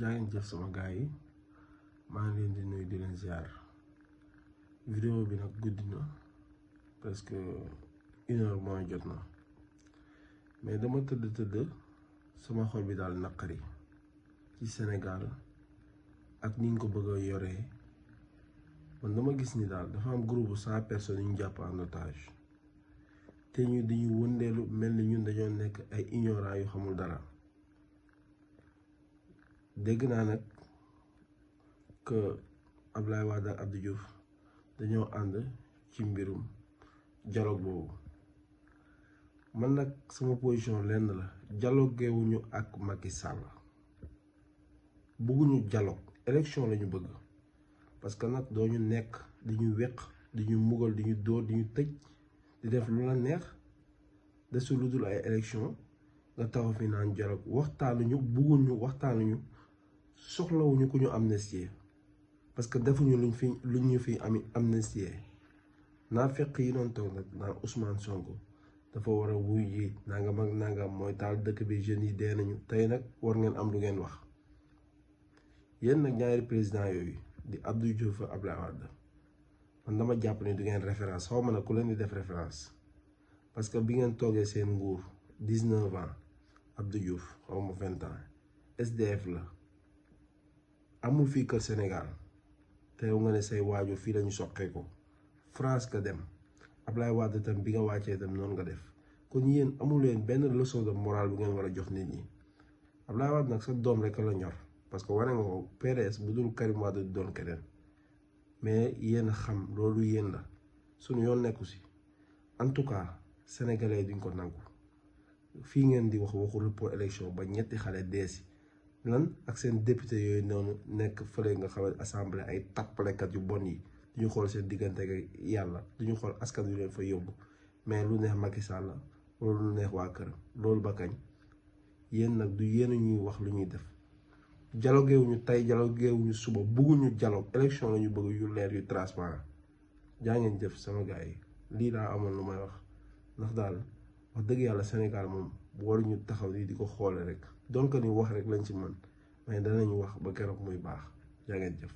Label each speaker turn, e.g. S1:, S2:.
S1: jaa ngeen sama gaa yi maa ngi leen di nuyu di leen ziar vidéo bi nag guddi na presque que mooy jot na mais dama tëdd tëdd sama xol bi daal naqari ci senegal ak ni ñu ko bëgg yore yoree man dama gis ni daal dafa am groupe bu cent personnes ñu jàpp en otage te ñu dañu wëndeelu mel ni ñun dañoo nekk ay ignorants yu xamul dara. dégg naa nag que Ablaye Wade ak Abdou Diouf dañoo ànd ci mbirum dialogue boobu man nag sama position lenn la dialoguewuñu ak Macky Sall bëgguñu dialogue élection lañu bëgg parce que nag doo ñu nekk di ñu wéq di ñu mugal di ñu dóor di ñu tëj di def lu la neex desul lu dul ay élection nga taxaw fi naan dialogue waxtaanuñu bëgguñu waxtaanuñu soxlawuñu ku ñu amnistie parce que defuñu luñ fi luñ ñu fi am amnistie naa fekk yi doon toog nag naan Ousmane Sonko dafa war a wuy ji nangam ak nangam mooy taal dëkk bi jeunes yi dee nañu tey nag war ngeen am lu ngeen wax yenn nag ñaari président yooyu di Abdou Diouf ak Abdoulaye Wade man dama jàpp ne du ngeen référence xaw ma nag ku leen di def référence parce que bi ngeen toogee seen nguur dix-neuf ans Abdou Diouf xaw ma vingt ans SDF la. amul fii kër Sénégal te yow nga ne say waajur fii lañu soqee ko France nga dem Ablaye Wade tam bi nga wàccee tam noonu nga def kon yéen amul leen benn leçon de morale bu ngeen war a jox nit ñi Ablaye Wade nag sa doom rek la ñor parce que wane nga ko PDS bu dul Karim Wade di doon keneen mais yéen xam loolu yéen la suñu yoon nekku si en tout cas sénégalais duñ ko nangu fii ngeen di wax waxu report élection ba ñetti xale dee si lan ak seen député yooyu noonu nekk fële nga xam ne assemblée ay tappalekat yu bon yi duñu xool seen diggante ak yàlla duñu xool askan yu leen fa yóbbu mais lu neex Macky Sall la loolu lu neex waa kër loolu ba kañ yéen nag du yéen ñuy wax lu ñuy def dialogué wuñu tey dialogué wuñu suba bëgguñu dialogue élection la ñu bëgg yu leer yu transparent jaa ngeen jëf sama gars yi lii laa amoon lu may wax ndax daal wax dëgg yàlla Sénégal moom waruñu taxaw nii di ko xoole rek donc ni wax rek lañ ci mën mais danañ wax ba keroog muy baax yaa ngeen jëf